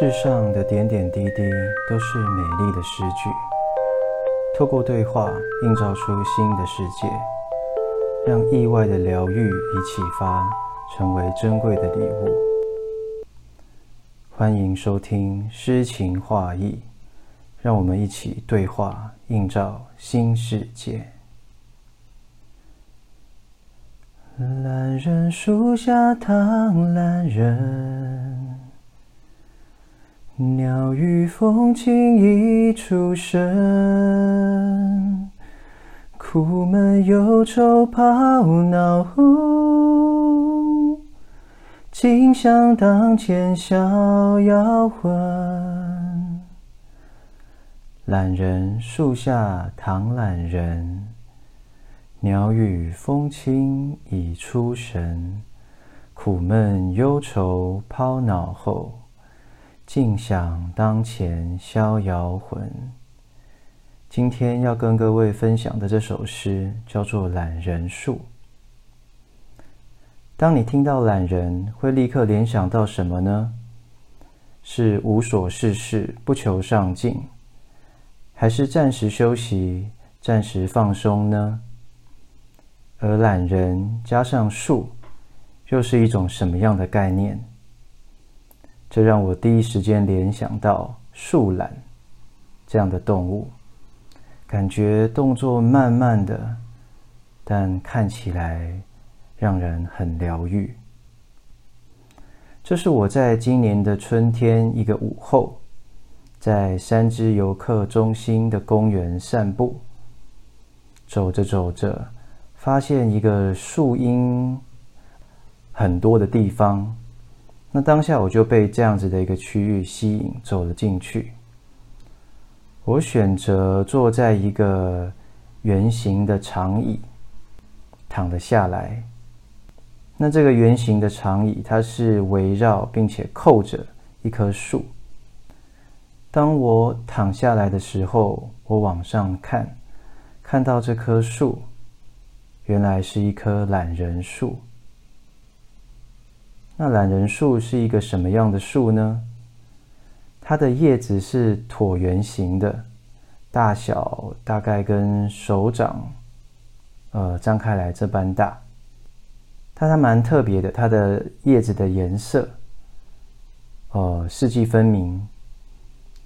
世上的點點滴滴都是美麗的詩句，透過對話映照出新的世界，讓意外的療癒與啟發成為珍貴的禮物。歡迎收聽詩情畫意，讓我們一起對話映照新世界。懶人樹下躺懶人。鳥語風清已出神，苦悶憂愁拋腦後，盡享當前逍遙魂。懶人樹下躺懶人，鳥語風清已出神，苦悶憂愁拋腦後。盡享當前逍遙魂。今天要跟各位分享的這首詩叫做《懶人樹》。當你聽到“懶人”，會立刻聯想到什麼呢？是無所事事、不求上進，還是暫時休息、暫時放鬆呢？而“懶人”加上“樹”，又是一種什麼樣的概念？這讓我第一時間聯想到樹懶這樣的動物，感覺動作慢慢的，但看起來讓人很療癒。這是我在今年的春天一個午後，在三芝遊客中心的公園散步，走着走着，發現一個樹蔭很多的地方。那當下我就被這樣子的一個區域吸引，走了進去。我選擇坐在一個圓形的長椅，躺了下來。那這個圓形的長椅，它是圍繞並且扣着一棵樹。當我躺下來的時候，我往上看，看到這棵樹，原來是一棵懶人樹。那懶人樹是一個什麼樣的樹呢？它的葉子是橢圓形的，大小大概跟手掌，呃，張開來這般大。它還蠻特別的，它的葉子的顏色，呃四季分明，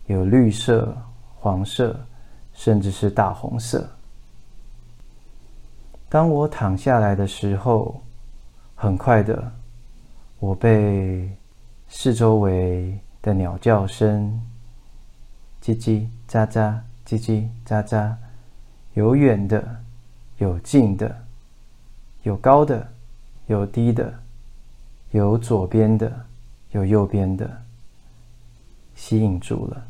有綠色、黃色，甚至是大紅色。當我躺下來的時候，很快的。我被四周圍的鳥叫聲嘰嘰喳喳、嘰嘰喳喳，有遠的，有近的，有高的，有低的，有左邊的，有右邊的，吸引住了。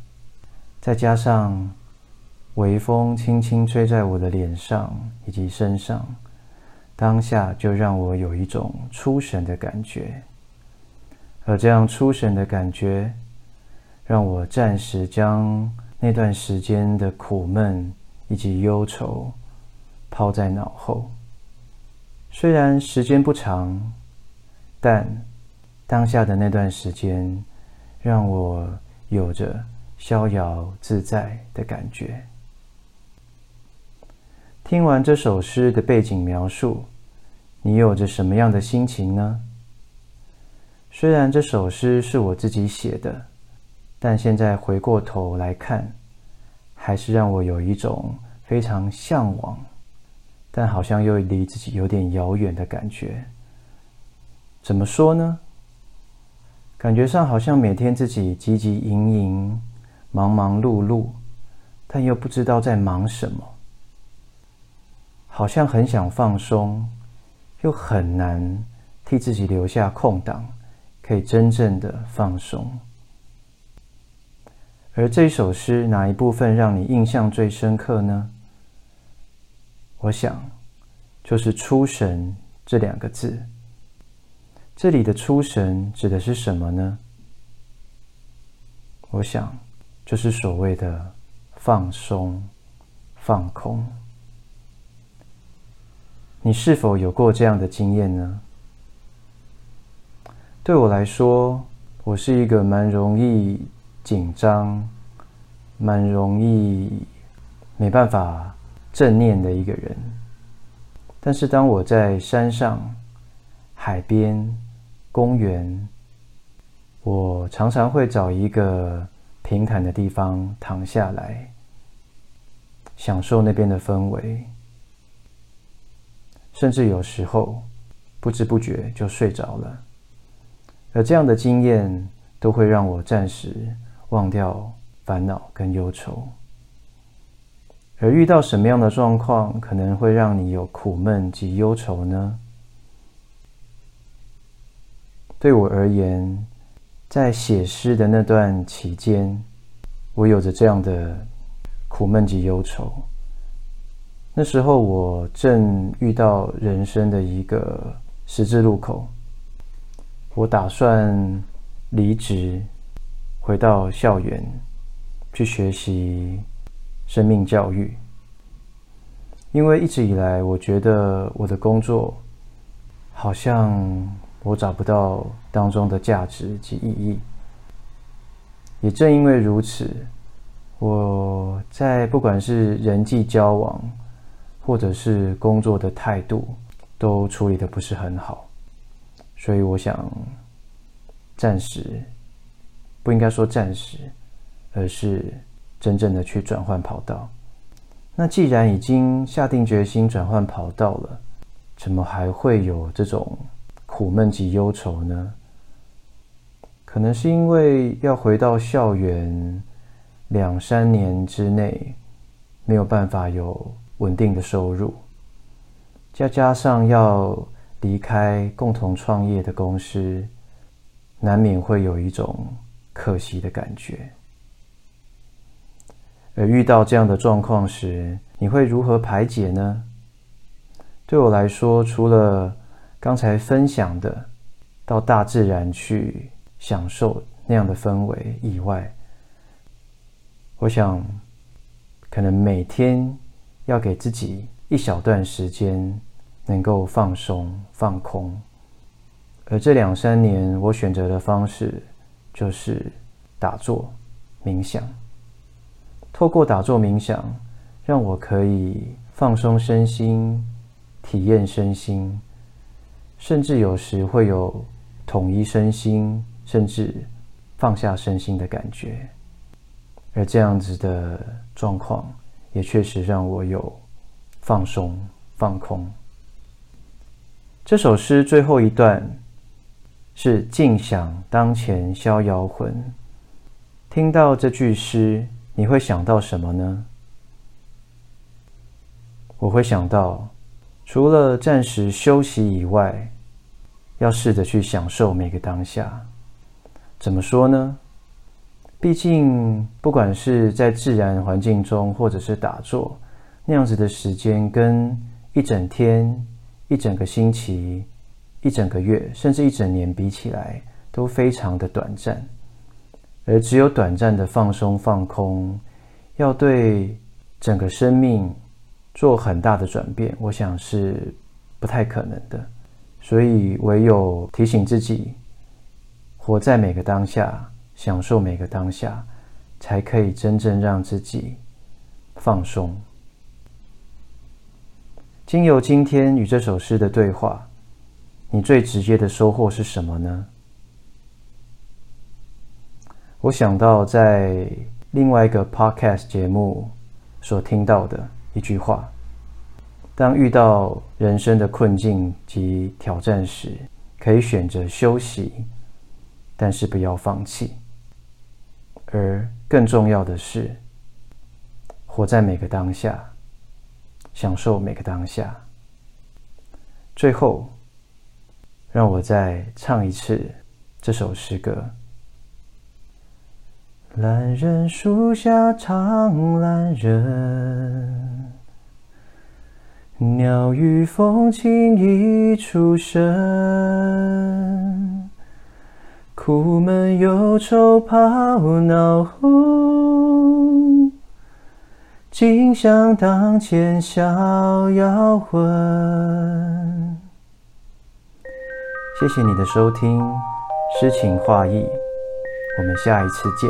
再加上微風輕輕吹在我的臉上以及身上，當下就讓我有一種出神的感覺。而這樣出神的感覺，讓我暫時將那段時間的苦悶以及憂愁拋在腦後。雖然時間不長，但當下的那段時間讓我有着逍遙自在的感覺。聽完這首詩的背景描述，你有着什麼樣的心情呢？雖然這首詩是我自己寫的，但現在回過頭來看，還是讓我有一種非常向往，但好像又離自己有點遙遠的感覺。怎麼說呢？感覺上好像每天自己汲汲營營、忙忙碌碌，但又不知道在忙什麼。好像很想放鬆，又很難替自己留下空檔。可以真正的放鬆，而這首詩哪一部分讓你印象最深刻呢？我想，就是“出神”這兩個字。這裡的“出神”指的是什麼呢？我想，就是所謂的放鬆、放空。你是否有過這樣的經驗呢？對我來說，我是一個蠻容易緊張、蠻容易沒辦法正念的一個人。但是，當我在山上、海邊、公園，我常常會找一個平坦的地方躺下來，享受那邊的氛圍，甚至有時候不知不覺就睡着了。而這樣的經驗都會讓我暫時忘掉煩惱跟憂愁。而遇到什麼樣的狀況可能會讓你有苦悶及憂愁呢？對我而言，在寫詩的那段期間，我有着這樣的苦悶及憂愁。那時候我正遇到人生的一個十字路口。我打算離職，回到校園去學習生命教育，因為一直以來，我覺得我的工作好像我找不到當中的價值及意義。也正因為如此，我在不管是人際交往，或者是工作的態度，都處理得不是很好。所以我想，暫時不應該說暫時，而是真正的去轉換跑道。那既然已經下定決心轉換跑道了，怎麼還會有這種苦悶及憂愁呢？可能是因為要回到校園兩三年之內，沒有辦法有穩定的收入，再加上要。離開共同創業的公司，難免會有一種可惜的感覺。而遇到這樣的狀況時，你會如何排解呢？對我來說，除了剛才分享的，到大自然去享受那樣的氛圍以外，我想，可能每天要給自己一小段時間。能夠放鬆、放空。而這兩三年，我選擇的方式就是打坐、冥想。透過打坐、冥想，讓我可以放鬆身心、體驗身心，甚至有時會有統一身心，甚至放下身心的感覺。而這樣子的狀況，也確實讓我有放鬆、放空。這首詩最後一段是“盡享當前逍遙魂”。聽到這句詩，你會想到什麼呢？我會想到，除了暫時休息以外，要試着去享受每個當下。怎麼說呢？畢竟，不管是在自然環境中，或者是打坐，那樣子的時間跟一整天。一整個星期、一整個月，甚至一整年比起來，都非常的短暫。而只有短暫的放鬆放空，要對整個生命做很大的轉變，我想是不太可能的。所以唯有提醒自己，活在每個當下，享受每個當下，才可以真正讓自己放鬆。經由今天與這首詩的對話，你最直接的收穫是什麼呢？我想到在另外一個 podcast 節目所聽到的一句話：當遇到人生的困境及挑戰時，可以選擇休息，但是不要放棄。而更重要的是，活在每個當下。享受每個當下。最後，讓我再唱一次這首詩歌。懶人樹下躺懶人，鳥語風清已出神，苦悶憂愁拋腦後。盡享當前逍遙魂。謝謝你的收聽，詩情畫意，我們下一次見。